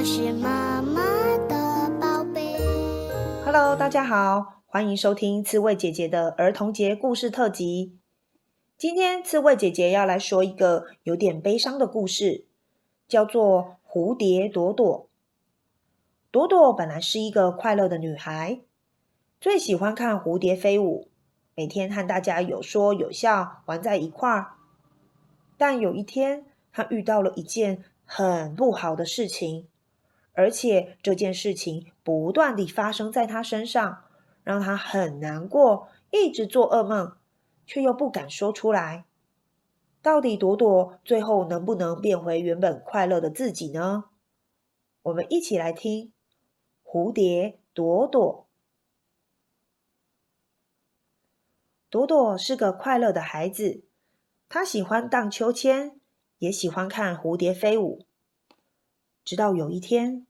我是媽媽的寶貝。Hello，大家好，歡迎收聽刺蝟姐姐的兒童節故事特輯。今天，刺蝟姐姐要來說一個有點悲傷的故事，叫做《蝴蝶朵朵》。朵朵本來是一個快樂的女孩，最喜歡看蝴蝶飛舞，每天和大家有說有笑，玩在一塊兒。但有一天，她遇到了一件很不好的事情。而且這件事情不斷的發生在他身上，讓他很難過，一直做噩夢，卻又不敢說出來。到底朵朵最後能不能變回原本快樂的自己呢？我們一起來聽《蝴蝶朵朵》。朵朵是個快樂的孩子，他喜歡盪秋千，也喜歡看蝴蝶飛舞。直到有一天。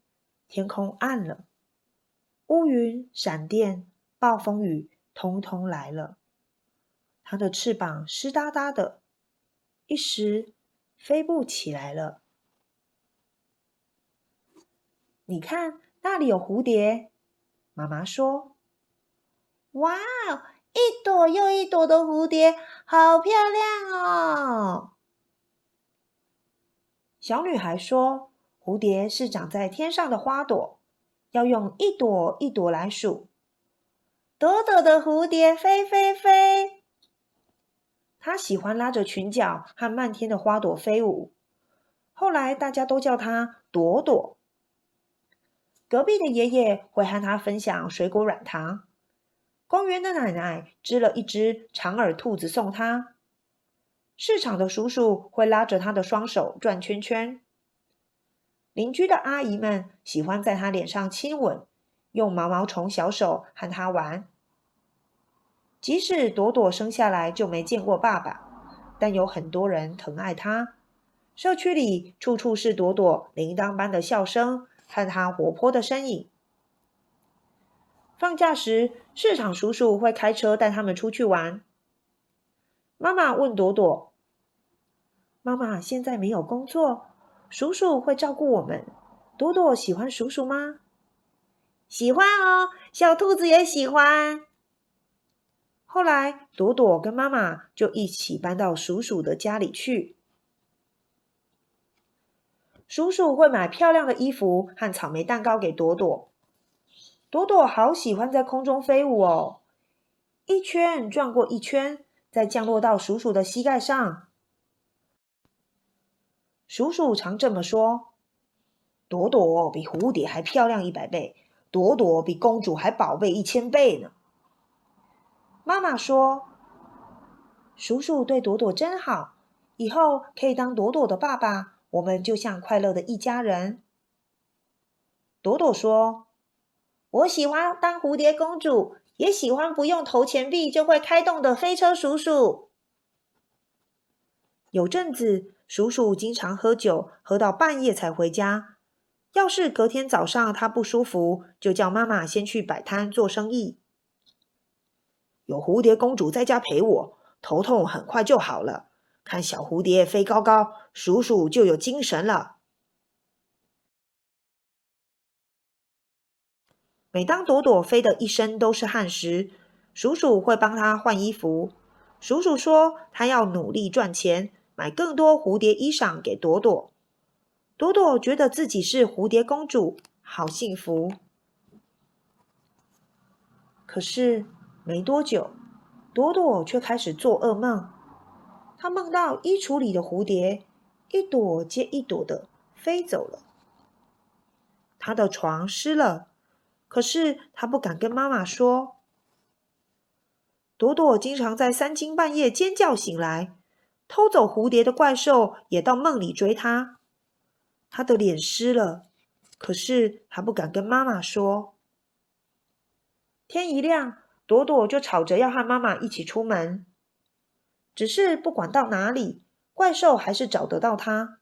天空暗了，烏雲、閃電、暴風雨，通通來了。它的翅膀濕噠噠的，一時飛不起來了。你看，那裡有蝴蝶。媽媽說：“哇，一朵又一朵的蝴蝶，好漂亮哦。”小女孩說。蝴蝶是長在天上的花朵，要用一朵一朵來數。朵朵的蝴蝶飛飛飛，她喜歡拉着裙角和漫天的花朵飛舞。後來大家都叫她朵朵。隔壁的爺爺會和她分享水果軟糖，公園的奶奶織了一隻長耳兔子送她，市場的叔叔會拉着她的雙手轉圈圈。鄰居的阿姨們喜歡在他臉上親吻，用毛毛蟲小手和他玩。即使朵朵生下來就沒見過爸爸，但有很多人疼愛她。社區裡處處是朵朵鈴鐺般的笑聲和她活潑的身影。放假時，市場叔叔會開車帶他們出去玩。媽媽問朵朵：“媽媽現在沒有工作。”叔叔會照顧我們，朵朵喜歡叔叔嗎？喜歡哦，小兔子也喜歡。後來，朵朵跟媽媽就一起搬到叔叔的家裡去。叔叔會買漂亮的衣服和草莓蛋糕給朵朵。朵朵好喜歡在空中飛舞哦，一圈轉過一圈，再降落到叔叔的膝蓋上。叔叔常這麼說：“朵朵比蝴蝶還漂亮一百倍，朵朵比公主還寶貝一千倍呢。”媽媽說：“叔叔對朵朵真好，以後可以當朵朵的爸爸，我們就像快樂的一家人。”朵朵說：“我喜歡當蝴蝶公主，也喜歡不用投錢幣就會開動的飛車叔叔。”有陣子，叔叔經常喝酒，喝到半夜才回家。要是隔天早上他不舒服，就叫媽媽先去擺攤做生意。有蝴蝶公主在家陪我，頭痛很快就好了。看小蝴蝶飛高高，叔叔就有精神了。每當朵朵飛的一身都是汗時，叔叔會幫她換衣服。叔叔說他要努力賺錢。買更多蝴蝶衣裳給朵朵，朵朵覺得自己是蝴蝶公主，好幸福。可是沒多久，朵朵卻開始做噩夢，她夢到衣櫥裡的蝴蝶一朵接一朵的飛走了，她的床濕了，可是她不敢跟媽媽說。朵朵經常在三更半夜尖叫醒來。偷走蝴蝶的怪獸也到夢裡追他，他的臉濕了，可是還不敢跟媽媽說。天一亮，朵朵就吵着要和媽媽一起出門，只是不管到哪裡，怪獸還是找得到他。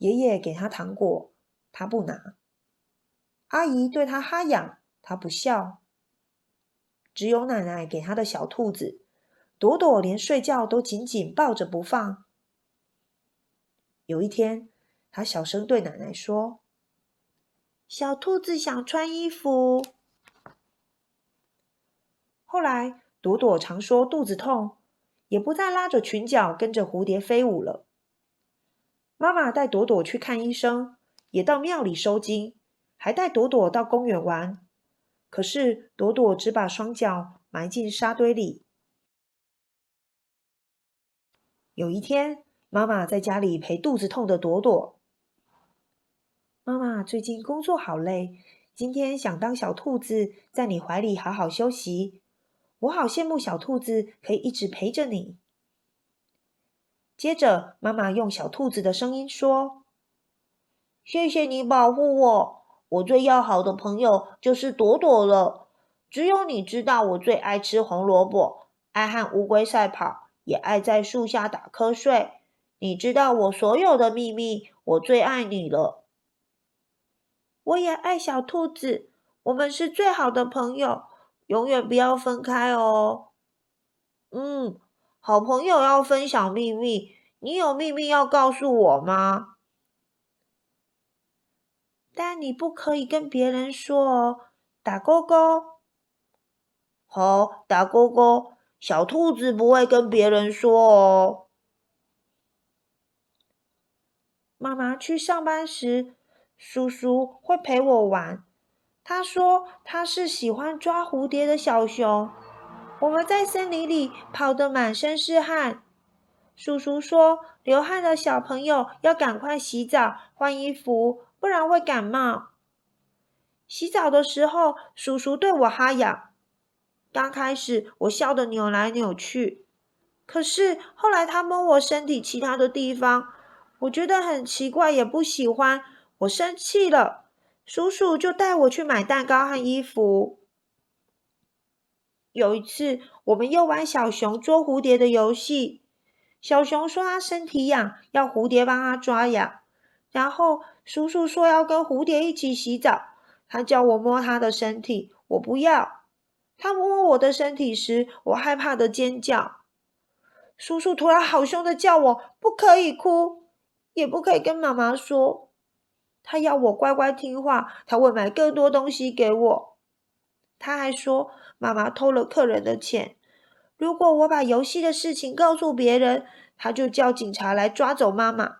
爺爺給他糖果，他不拿；阿姨對他哈癢，他不笑；只有奶奶給他的小兔子。朵朵連睡覺都緊緊抱着不放。有一天，她小聲對奶奶說：“小兔子想穿衣服。”後來，朵朵常說肚子痛，也不再拉着裙角跟着蝴蝶飛舞了。媽媽帶朵朵去看醫生，也到廟裡收驚，還帶朵朵到公園玩。可是，朵朵只把雙腳埋進沙堆裡。有一天，媽媽在家裡陪肚子痛的朵朵。媽媽最近工作好累，今天想當小兔子，在你懷裡好好休息。我好羨慕小兔子，可以一直陪着你。接着，媽媽用小兔子的聲音說：“謝謝你保護我，我最要好的朋友就是朵朵了。只有你知道，我最愛吃紅蘿蔔，愛和烏龜賽跑。”也愛在樹下打瞌睡。你知道我所有的秘密，我最愛你了。我也愛小兔子，我們是最好的朋友，永遠不要分開哦。嗯，好朋友要分享秘密。你有秘密要告訴我嗎？但你不可以跟別人說哦，打勾勾，好，打勾勾。小兔子不會跟別人說哦。媽媽去上班時，叔叔會陪我玩。他說他是喜歡抓蝴蝶的小熊。我們在森林裡跑得滿身是汗。叔叔說，流汗的小朋友要趕快洗澡，換衣服，不然會感冒。洗澡的時候，叔叔對我哈癢。剛開始我笑得扭來扭去，可是後來他摸我身體其他的地方，我覺得很奇怪，也不喜歡，我生氣了。叔叔就帶我去買蛋糕和衣服。有一次我們又玩小熊捉蝴蝶的遊戲，小熊說他身體癢，要蝴蝶幫他抓癢。然後叔叔說要跟蝴蝶一起洗澡，他叫我摸他的身體，我不要。他摸我的身體時，我害怕的尖叫。叔叔突然好凶的叫我不可以哭，也不可以跟媽媽說。他要我乖乖聽話，他會買更多東西給我。他還說媽媽偷了客人的錢，如果我把遊戲的事情告訴別人，他就叫警察來抓走媽媽。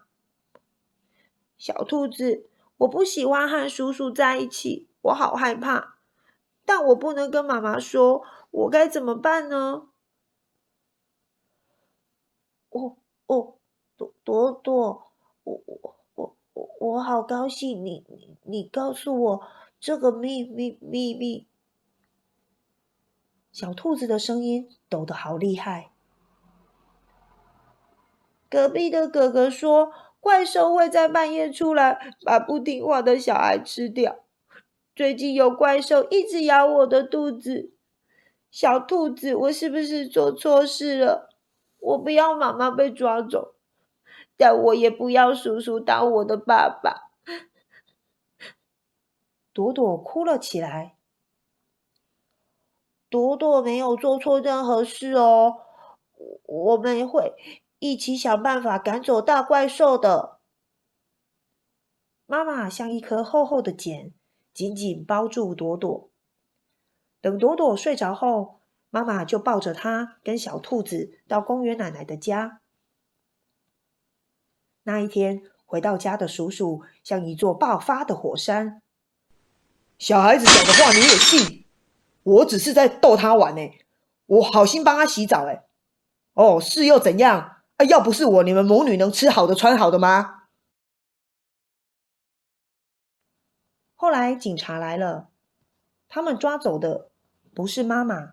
小兔子，我不喜歡和叔叔在一起，我好害怕。但我不能跟媽媽說，我該怎麼辦呢？哦哦，朵朵朵，我我我我好高興，你你你告訴我這個秘密秘密。小兔子的聲音抖得好厲害。隔壁的哥哥說，怪獸會在半夜出來，把不聽話的小孩吃掉。最近有怪獸一直咬我的肚子，小兔子，我是不是做錯事了？我不要媽媽被抓走，但我也不要叔叔當我的爸爸。朵朵哭了起來。朵朵沒有做錯任何事哦，我們會一起想辦法趕走大怪獸的。媽媽像一顆厚厚的繭。緊緊包住朵朵，等朵朵睡着後，媽媽就抱着她跟小兔子到公園奶奶的家。那一天回到家的叔叔像一座爆發的火山。小孩子講的話你也信？我只是在逗他玩呢，我好心幫他洗澡哎。哦，是又怎樣？哎、啊，要不是我，你們母女能吃好的穿好的嗎？後來警察來了，他們抓走的不是媽媽。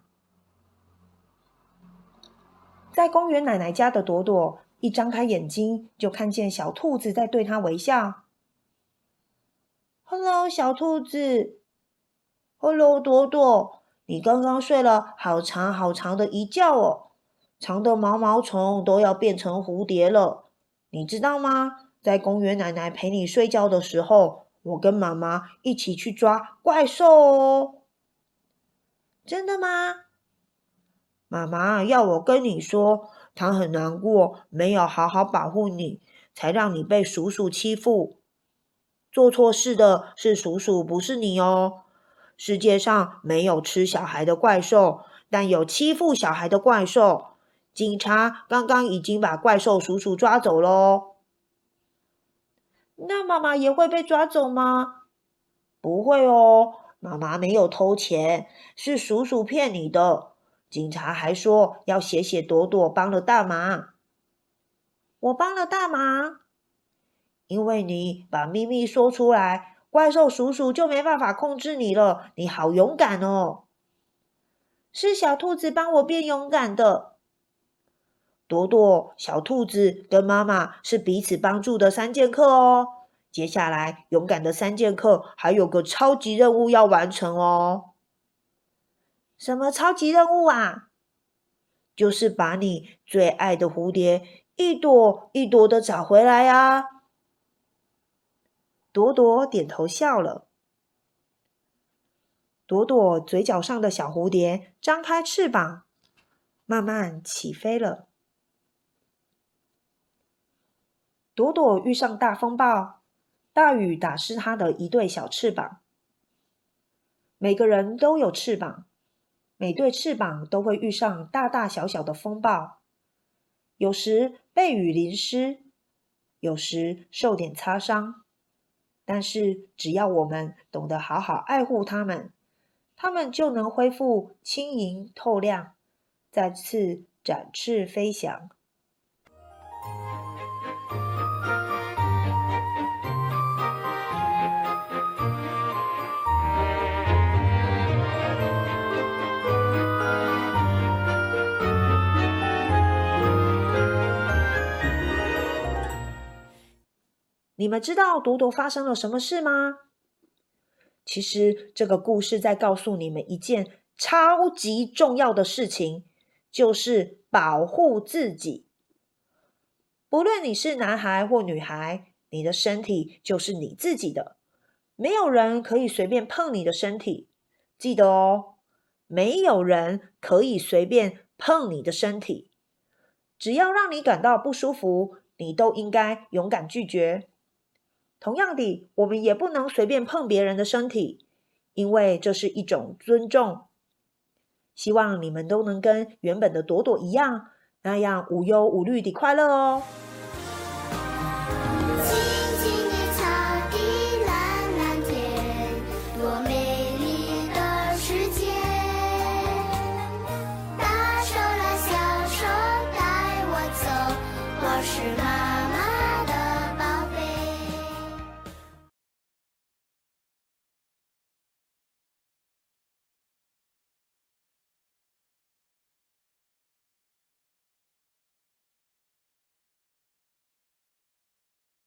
在公園奶奶家的朵朵，一張開眼睛就看見小兔子在對她微笑。Hello，小兔子。Hello，朵朵。你剛剛睡了好長好長的一覺哦，長得毛毛蟲都要變成蝴蝶了，你知道嗎？在公園奶奶陪你睡覺的時候。我跟媽媽一起去抓怪獸哦。真的嗎？媽媽要我跟你說，她很難過，沒有好好保護你，才讓你被叔叔欺負。做錯事的是叔叔，不是你哦。世界上沒有吃小孩的怪獸，但有欺負小孩的怪獸。警察剛剛已經把怪獸叔叔抓走嘍。那媽媽也會被抓走嗎？不會哦，媽媽沒有偷錢，是叔叔騙你的。警察還說要謝謝朵朵幫了大忙。我幫了大忙？因為你把秘密說出來，怪獸叔叔就沒辦法控制你了。你好勇敢哦！是小兔子幫我變勇敢的。朵朵，小兔子跟媽媽是彼此幫助的三劍客哦。接下來，勇敢的三劍客還有個超級任務要完成哦。什麼超級任務啊？就是把你最愛的蝴蝶一朵一朵的找回來啊。朵朵點頭笑了。朵朵嘴角上的小蝴蝶張開翅膀，慢慢起飛了。朵朵遇上大風暴，大雨打濕它的一對小翅膀。每個人都有翅膀，每對翅膀都會遇上大大小小的風暴，有時被雨淋濕，有時受點擦傷。但是只要我們懂得好好愛護它們，它們就能恢復輕盈透亮，再次展翅飛翔。你們知道朵朵發生了什麼事嗎？其實這個故事在告訴你們一件超級重要的事情，就是保護自己。不論你是男孩或女孩，你的身體就是你自己的，沒有人可以隨便碰你的身體。記得哦，沒有人可以隨便碰你的身體。只要讓你感到不舒服，你都應該勇敢拒絕。同樣的，我們也不能隨便碰別人的身體，因為這是一種尊重。希望你們都能跟原本的朵朵一樣，那樣無憂無慮的快樂哦。